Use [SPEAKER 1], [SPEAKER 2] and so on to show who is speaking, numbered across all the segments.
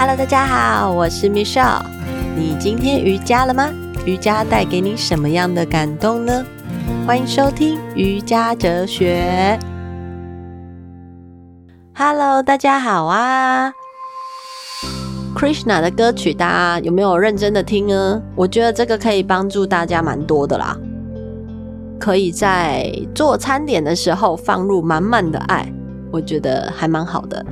[SPEAKER 1] Hello，大家好，我是 Michelle。你今天瑜伽了嗎？瑜伽帶給你什麼樣的感動呢？歡迎收聽瑜伽哲學。Hello，大家好啊。Krishna 的歌曲，大家有沒有認真的聽呢？我覺得這個可以幫助大家蠻多的啦。可以在做餐點的時候放入滿滿的愛，我覺得還蠻好的。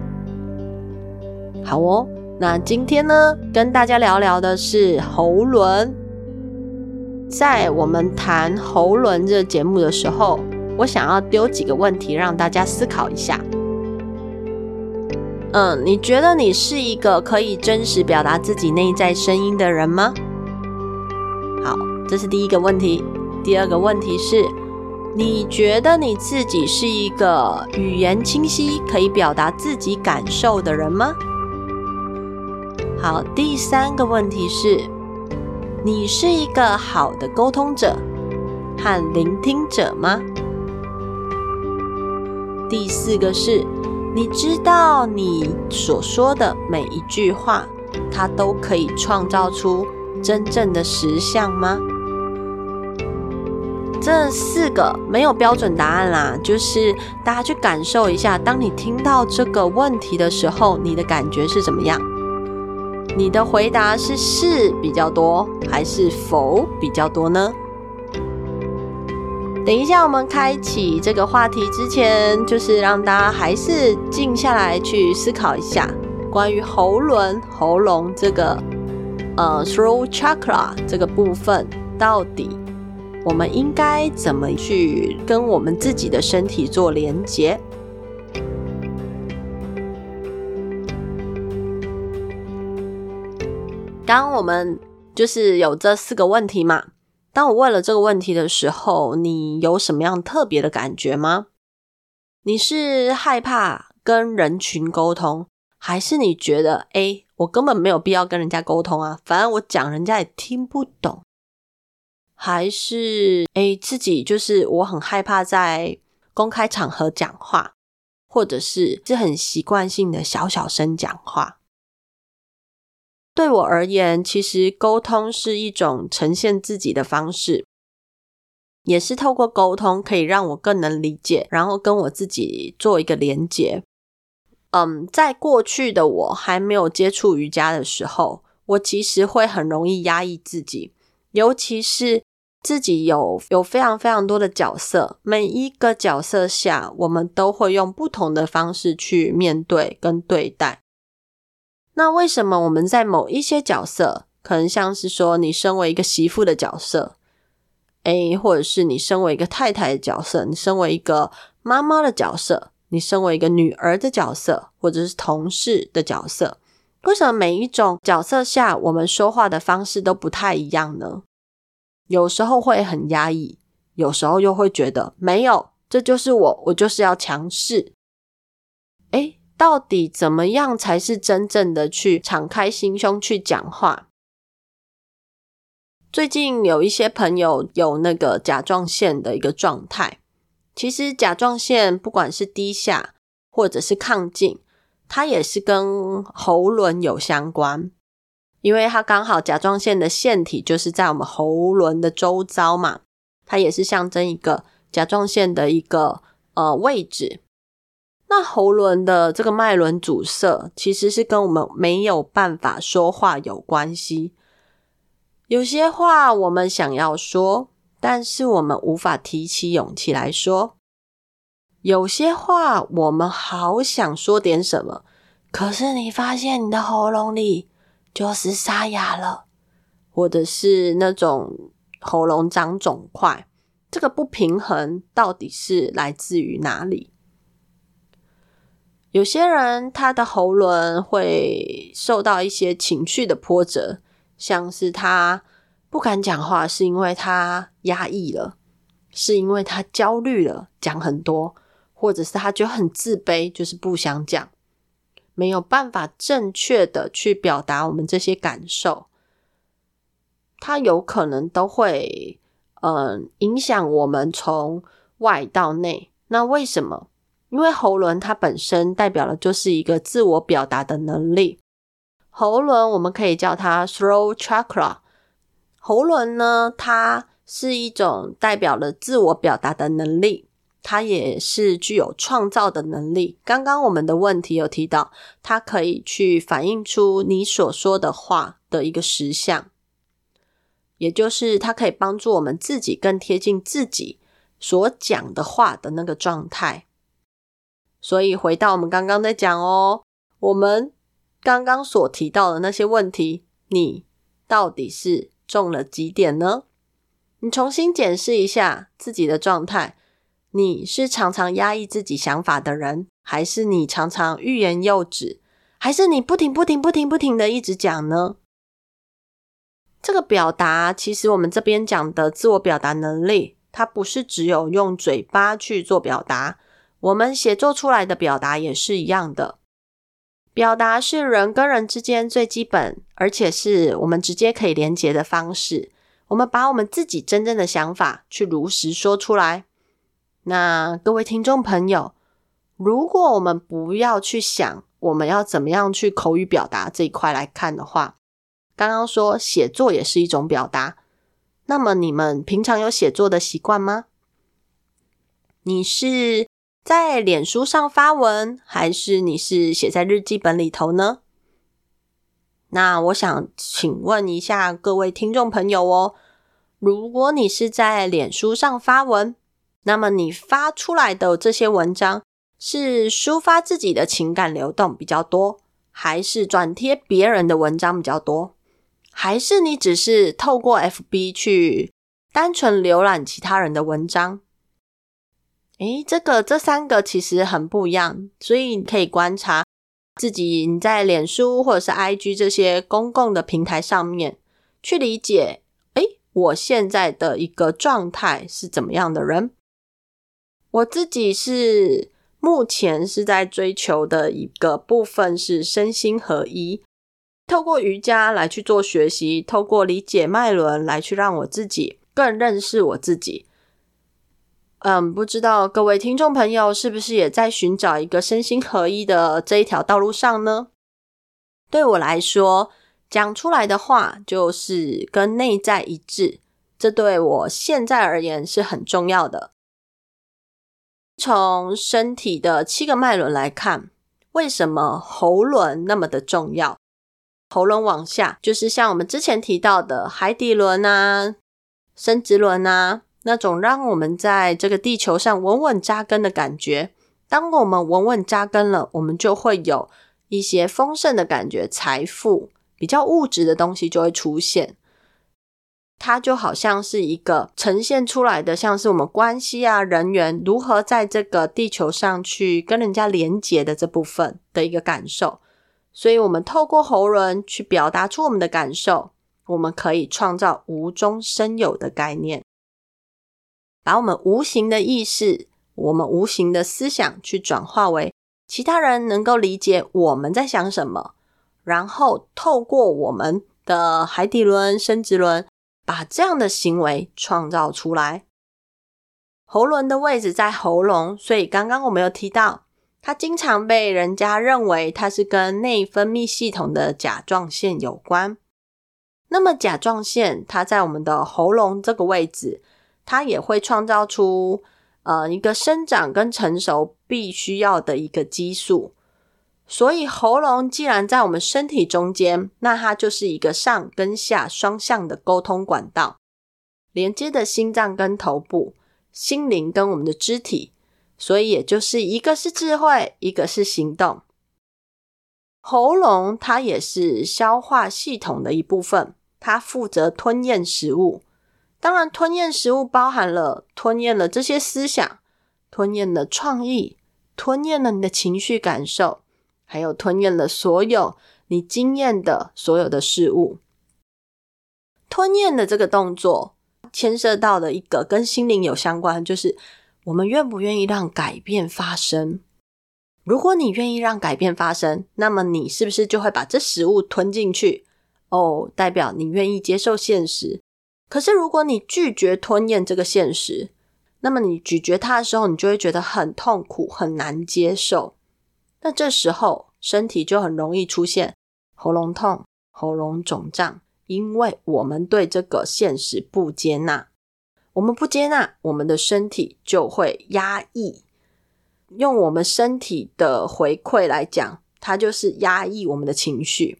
[SPEAKER 1] 好哦。那今天呢，跟大家聊聊的是喉輪。在我們談喉輪這個節目的時候，我想要丟幾個問題讓大家思考一下。嗯，你覺得你是一個可以真實表達自己內在聲音的人嗎？好，這是第一個問題。第二個問題是，你覺得你自己是一個語言清晰、可以表達自己感受的人嗎？好，第三個問題是：你是一個好的溝通者和聆聽者嗎？第四個是：你知道你所說的每一句話，它都可以創造出真正的實相嗎？這四個沒有標準答案啦，就是大家去感受一下，當你聽到這個問題的時候，你的感覺是怎麼樣？你的回答是是比較多，還是否比較多呢？等一下，我們開啟這個話題之前，就是讓大家還是靜下來去思考一下，關於喉輪、喉嚨這個呃 throat chakra 這個部分，到底我們應該怎麼去跟我們自己的身體做連接？當我們就是有這四個問題嘛。當我問了這個問題的時候，你有什麼樣特別的感覺嗎？你是害怕跟人群溝通，還是你覺得誒，我根本沒有必要跟人家溝通啊，反正我講人家也聽不懂？還是誒，自己就是我很害怕在公開場合講話，或者是是很習慣性的小小聲講話？對我而言，其實溝通是一種呈現自己的方式，也是透過溝通可以讓我更能理解，然後跟我自己做一個連接。嗯，在過去的我還沒有接觸瑜伽的時候，我其實會很容易壓抑自己，尤其是自己有有非常非常多的角色，每一個角色下，我們都會用不同的方式去面對跟對待。那為什麼我們在某一些角色，可能像是說你身為一個媳婦的角色，誒，或者是你身為一個太太的角色，你身為一個媽媽的角色，你身為一個女兒的角色，或者是同事的角色，為什麼每一種角色下我們說話的方式都不太一樣呢？有時候會很壓抑，有時候又會覺得沒有，這就是我，我就是要強勢。到底怎麼樣才是真正的去敞開心胸去講話？最近有一些朋友有那個甲狀腺的一個狀態，其實甲狀腺不管是低下或者是亢進，它也是跟喉輪有相關，因為它剛好甲狀腺的腺體就是在我們喉輪的周遭嘛，它也是象徵一個甲狀腺的一個，呃，位置。那喉嚨的這個脈輪阻塞，其實是跟我們沒有辦法說話有關係。有些話我們想要說，但是我們無法提起勇氣來說；有些話我們好想說點什麼，可是你發現你的喉嚨裡就是沙啞了，或者是那種喉嚨長腫塊。這個不平衡到底是來自於哪裡？有些人他的喉嚨會受到一些情緒的波折，像是他不敢講話，是因為他壓抑了，是因為他焦慮了，講很多，或者是他就很自卑，就是不想講，沒有辦法正確的去表達我們這些感受，他有可能都會嗯影響我們從外到內。那為什麼？因為喉輪它本身代表的就是一個自我表達的能力，喉輪我們可以叫它 throat chakra。喉輪呢，它是一種代表了自我表達的能力，它也是具有創造的能力。剛剛我們的問題有提到，它可以去反映出你所說的話的一個實相，也就是它可以幫助我們自己更貼近自己所講的話的那個狀態。所以回到我們剛剛在講哦，我們剛剛所提到的那些問題，你到底是中了幾點呢？你重新檢視一下自己的狀態，你是常常壓抑自己想法的人，還是你常常欲言又止，還是你不停不停不停不停的一直講呢？這個表達其實我們這邊講的自我表達能力，它不是只有用嘴巴去做表達。我們寫作出來的表達也是一樣的，表達是人跟人之間最基本，而且是我們直接可以連接的方式。我們把我們自己真正的想法去如實說出來。那各位聽眾朋友，如果我們不要去想我們要怎麼樣去口語表達這一塊來看的話，剛剛說寫作也是一種表達。那麼你們平常有寫作的習慣嗎？你是，在臉書上發文，還是你是寫在日記本裡頭呢？那我想請問一下各位聽眾朋友哦，如果你是在臉書上發文，那麼你發出來的這些文章是抒發自己的情感流動比較多，還是轉貼別人的文章比較多？還是你只是透過 FB 去單純瀏覽其他人的文章？誒，這個，這三個其實很不一樣，所以你可以觀察自己，你在臉書或者是 IG 這些公共的平台上面去理解。誒，我現在的一個狀態是怎麼樣的人？我自己是目前是在追求的一個部分是身心合一，透過瑜伽來去做學習，透過理解脈輪來去讓我自己更認識我自己。嗯，不知道各位聽眾朋友是不是也在尋找一個身心合一的這一條道路上呢？對我來說，講出來的話就是跟內在一致，這對我現在而言是很重要的。從身體的七個脈輪來看，為什麼喉輪那麼的重要？喉輪往下就是像我們之前提到的海底輪啊、生殖輪啊。那種讓我們在這個地球上穩穩扎根的感覺，當我們穩穩扎根了，我們就會有一些豐盛的感覺，財富比較物質的東西就會出現。它就好像是一個呈現出來的，像是我們關係啊、人員如何在這個地球上去跟人家連接的這部分的一個感受。所以，我們透過喉輪去表達出我們的感受，我們可以創造無中生有的概念。把我們無形的意識，我們無形的思想，去轉化為其他人能夠理解我們在想什麼，然後透過我們的海底輪、生殖輪，把這樣的行為創造出來。喉輪的位置在喉嚨，所以剛剛我們有提到，它經常被人家認為它是跟內分泌系統的甲狀腺有關。那麼甲狀腺它在我們的喉嚨這個位置。它也會創造出，呃，一個生長跟成熟必須要的一個激素。所以，喉嚨既然在我們身體中間，那它就是一個上跟下雙向的溝通管道，連接的心臟跟頭部，心靈跟我們的肢體。所以，也就是一個是智慧，一個是行動。喉嚨它也是消化系統的一部分，它負責吞嚥食物。當然，吞嚥食物包含了吞嚥了這些思想，吞嚥了創意，吞嚥了你的情緒感受，還有吞嚥了所有你經驗的所有的事物。吞嚥的這個動作，牽涉到的一個跟心靈有相關，就是我們願不願意讓改變發生。如果你願意讓改變發生，那麼你是不是就會把這食物吞進去？哦，代表你願意接受現實。可是，如果你拒絕吞嚥這個現實，那麼你咀嚼它的時候，你就會覺得很痛苦、很難接受。那這時候，身體就很容易出現喉嚨痛、喉嚨腫脹，因為我們對這個現實不接納。我們不接納，我們的身體就會壓抑。用我們身體的回饋來講，它就是壓抑我們的情緒。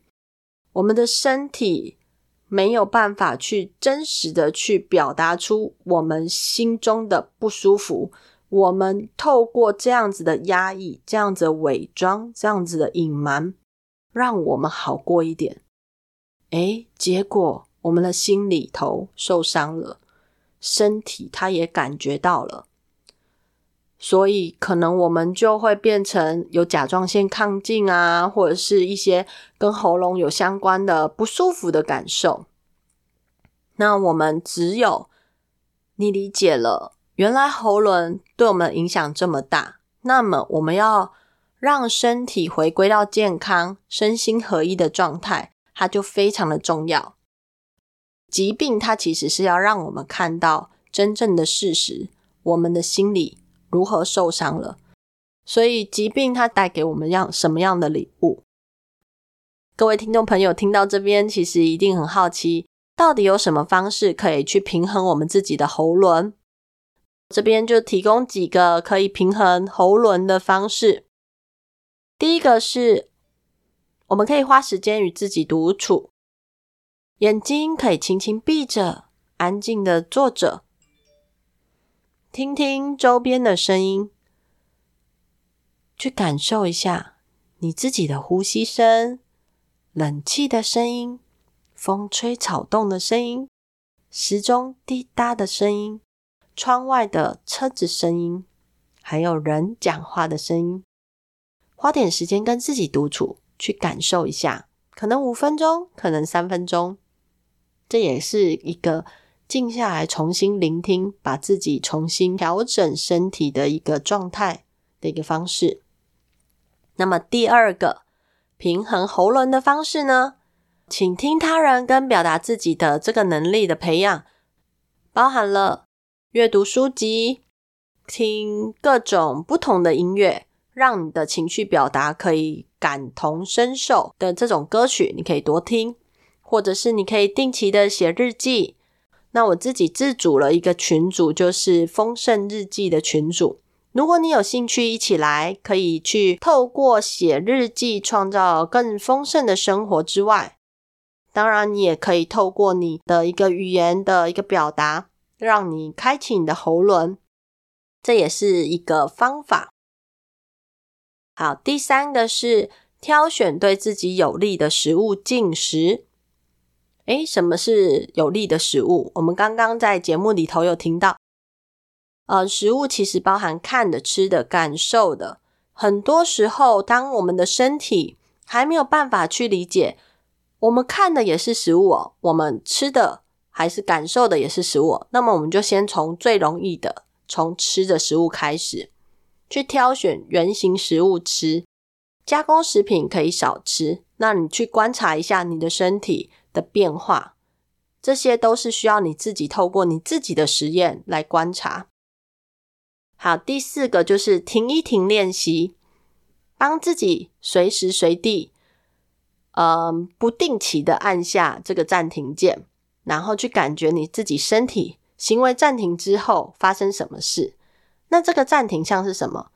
[SPEAKER 1] 我們的身體。沒有辦法去真實的去表達出我們心中的不舒服，我們透過這樣子的壓抑、這樣子的偽裝、這樣子的隱瞞，讓我們好過一點。哎，結果我們的心裡頭受傷了，身體它也感覺到了。所以，可能我們就會變成有甲狀腺亢進啊，或者是一些跟喉嚨有相關的不舒服的感受。那我們只有你理解了，原來喉輪對我們影響這麼大，那麼我們要讓身體回歸到健康、身心合一的狀態，它就非常的重要。疾病它其實是要讓我們看到真正的事實，我們的心理。如何受傷了？所以疾病它帶給我們樣什麼樣的禮物？各位聽眾朋友，聽到這邊其實一定很好奇，到底有什麼方式可以去平衡我們自己的喉輪？這邊就提供幾個可以平衡喉輪的方式。第一個是，我們可以花時間與自己獨處，眼睛可以輕輕閉着，安靜的坐着。聽聽周邊的聲音，去感受一下你自己的呼吸聲、冷氣的聲音、風吹草動的聲音、時鐘滴答的聲音、窗外的車子聲音，還有人講話的聲音。花點時間跟自己獨處，去感受一下，可能五分鐘，可能三分鐘，這也是一個。靜下來，重新聆聽，把自己重新調整身體的一個狀態的一個方式。那麼第二個平衡喉嚨的方式呢？傾聽他人跟表達自己的這個能力的培養，包含了閱讀書籍、聽各種不同的音樂，讓你的情緒表達可以感同身受的這種歌曲，你可以多聽，或者是你可以定期的寫日記。那我自己自組了一個群組，就是豐盛日記的群組。如果你有興趣一起來，可以去透過寫日記創造更豐盛的生活之外，當然你也可以透過你的一個語言的一個表達，讓你開啟你的喉輪，這也是一個方法。好，第三個是挑選對自己有利的食物進食。誒，什麼是有利的食物？我們剛剛在節目裡頭有聽到，呃，食物其實包含看的、吃的、感受的。很多時候，當我們的身體還沒有辦法去理解，我們看的也是食物哦，我們吃的還是感受的也是食物哦，那麼，我們就先從最容易的，從吃的食物開始，去挑選原型食物吃，加工食品可以少吃。那你去觀察一下你的身體。的變化，這些都是需要你自己透過你自己的實驗來觀察。好，第四個就是停一停練習，幫自己隨時隨地，嗯、呃，不定期的按下這個暫停鍵，然後去感覺你自己身體行為暫停之後發生什麼事。那這個暫停像是什麼？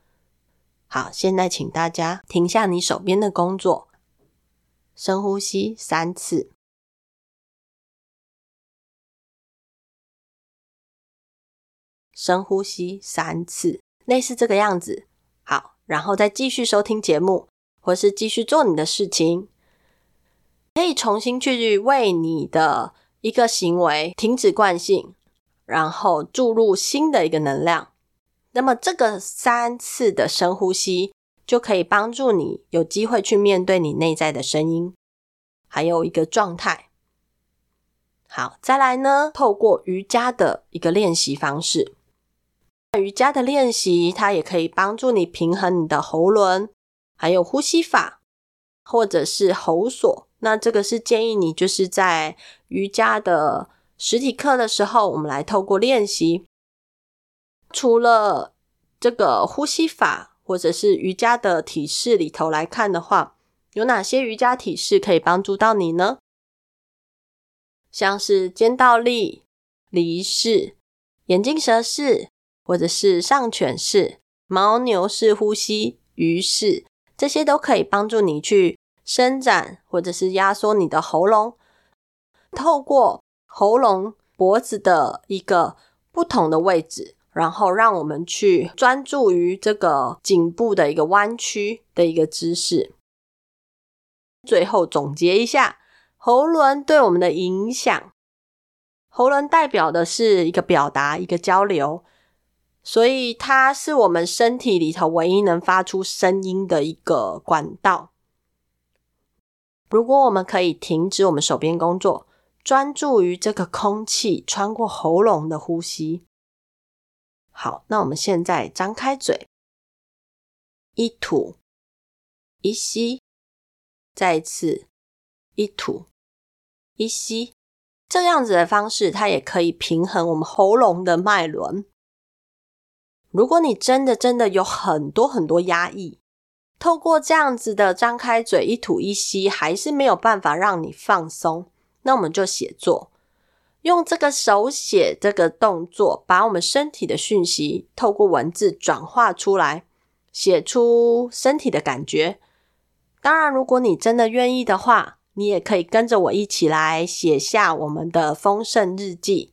[SPEAKER 1] 好，現在請大家停下你手邊的工作，深呼吸三次。深呼吸三次，類似這個樣子，好，然後再繼續收聽節目，或是繼續做你的事情，可以重新去為你的一個行為停止慣性，然後注入新的一個能量。那麼這個三次的深呼吸就可以幫助你有機會去面對你內在的聲音，還有一個狀態。好，再來呢，透過瑜伽的一個練習方式。瑜伽的練習，它也可以幫助你平衡你的喉輪，還有呼吸法，或者是喉鎖。那這個是建議你就是在瑜伽的實體課的時候，我們來透過練習。除了這個呼吸法，或者是瑜伽的體式裡頭來看的話，有哪些瑜伽體式可以幫助到你呢？像是肩倒立、犁式、眼鏡蛇式。或者是上犬式、犛牛式呼吸、魚式，這些都可以幫助你去伸展，或者是壓縮你的喉嚨，透過喉嚨、脖子的一個不同的位置，然後讓我們去專注於這個頸部的一個彎曲的一個姿勢。最後總結一下，喉輪對我們的影響，喉輪代表的是一個表達、一個交流。所以它是我們身體裡頭唯一能發出聲音的一個管道。如果我們可以停止我們手邊工作，專注於這個空氣穿過喉嚨的呼吸。好，那我們現在張開嘴，一吐一吸，再一次，一吐一吸，這樣子的方式，它也可以平衡我們喉嚨的脈輪。如果你真的真的有很多很多壓抑，透過這樣子的張開嘴一吐一吸，還是沒有辦法讓你放鬆，那我們就寫作，用這個手寫這個動作，把我們身體的訊息透過文字轉化出來，寫出身體的感覺。當然，如果你真的願意的話，你也可以跟着我一起來寫下我們的豐盛日記，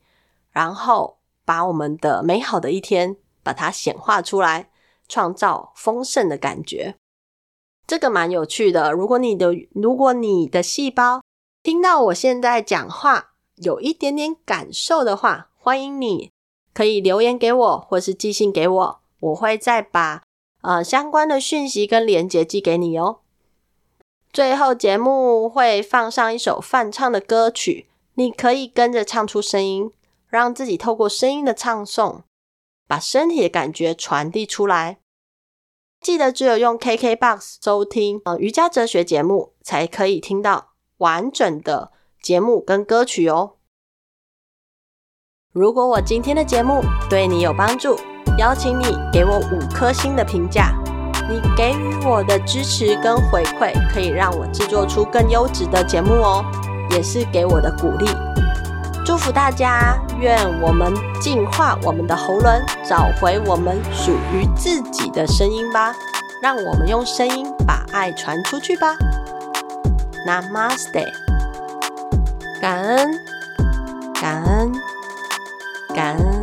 [SPEAKER 1] 然後把我們的美好的一天。把它顯化出來，創造豐盛的感覺，這個蠻有趣的。如果你的，如果你的細胞聽到我現在講話有一點點感受的話，歡迎你可以留言給我，或是寄信給我，我會再把呃相關的訊息跟連接寄給你哦。最後節目會放上一首梵唱的歌曲，你可以跟着唱出聲音，讓自己透過聲音的唱誦。把身體的感覺傳遞出來，記得只有用 KKBOX 收聽，呃，瑜珈折學節目，才可以聽到完整的節目跟歌曲哦。如果我今天的節目對你有幫助，邀請你給我五顆星的評價。你給予我的支持跟回饋，可以讓我製作出更優質的節目哦，也是給我的鼓勵。祝福大家，願我們淨化我們的喉嚨，找回我們屬於自己的聲音吧。讓我們用聲音把愛傳出去吧。Namaste，感恩，感恩，感恩。